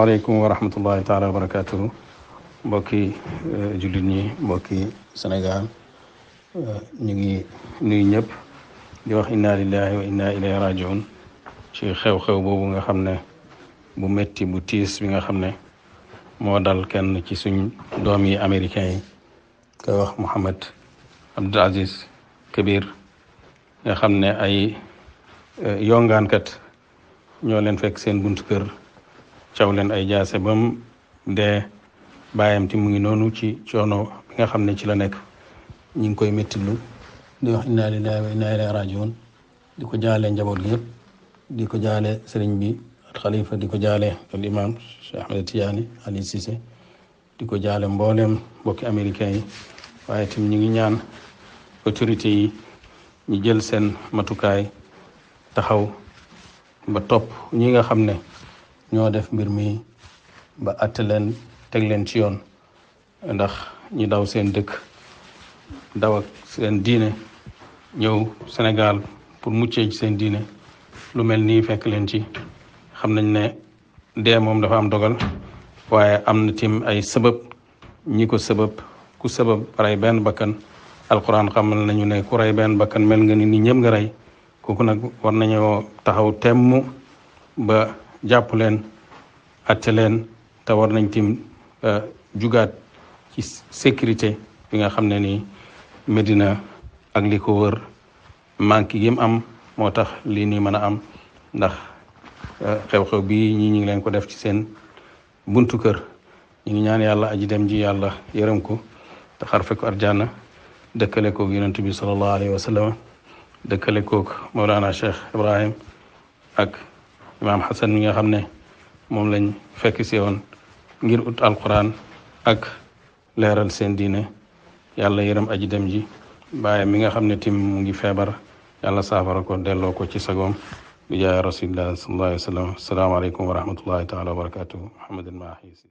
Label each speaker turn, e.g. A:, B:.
A: waaleykum wa rahmatullahi taala wa barakatuhu mbokki eh, jullit ñi mbokki Sénégal eh, ñu ngi nuyu ñëpp di wax inna lillahi wa inna ilayhi rajiun ci xew-xew boobu nga xam ne bu metti bu tiis bi nga xam ne moo dal kenn ci suñ doom yi américains yi koy wax Mohammed Abdul Aziz nga xam ne ay eh, yongaankat ñoo leen fekk seen buntu kër caw leen ay jaase ba mu dee bàyyam ti mu ngi noonu ci coono nga xam ne ci la nekk ñu ngi koy méttilu di wax inna lillahi wa di ko jaale njaboot gi yëpp di ko jaale sëriñ bi al xalifa di ko jaale al imam Cheikh Ahmed Tidiane Ali Cissé di ko jaale mbooleem mbokki américain yi waaye tam ñu ngi ñaan autorité yi ñu jël seen matukaay taxaw ba topp ñi nga xam ne ñoo def mbir mi ba àtte leen teg leen ci yoon ndax ñi daw seen dëkk daw seen diine ñëw Sénégal pour muccee seen diine lu mel nii fekk leen ci xam nañ ne dee moom dafa am dogal waaye am na tim ay sabab ñi ko sëbab ku sabab rey benn bakkan alquran xamal nañu ne ku rey benn bakkan mel nga ni ni ñëpp nga rey kooku nag war nañoo taxaw temm ba jàpp leen atte leen te war nañ tim euh, jugaat ci sécurité bi nga xam ne nii Medina ak li ko wër manque yi mu am moo tax lii nii mën a am ndax euh, xew-xew bii ñii ñu ngi leen ko def ci seen buntu kër ñu ngi ñaan yàlla aji dem ji yàlla yërëm ko te xarfe ko arjana dëkkale koog yonent bi sallallahu alayhi wa dëkkale koog Mawlana Cheikh Ibrahim ak imaam xasan mi nga xam ne moom lañ fekk si woon ngir ut alquran ak leeral seen diine yàlla yërëm aji dem ji bàyyi mi nga xam ne tim mu ngi feebar yàlla saafara ko delloo ko ci sagoom bi jaay rasulillah salaam alayhi wa sallam asalaamaaleykum wa rahmatullahi taala wa barakatuhu muhammadin maahi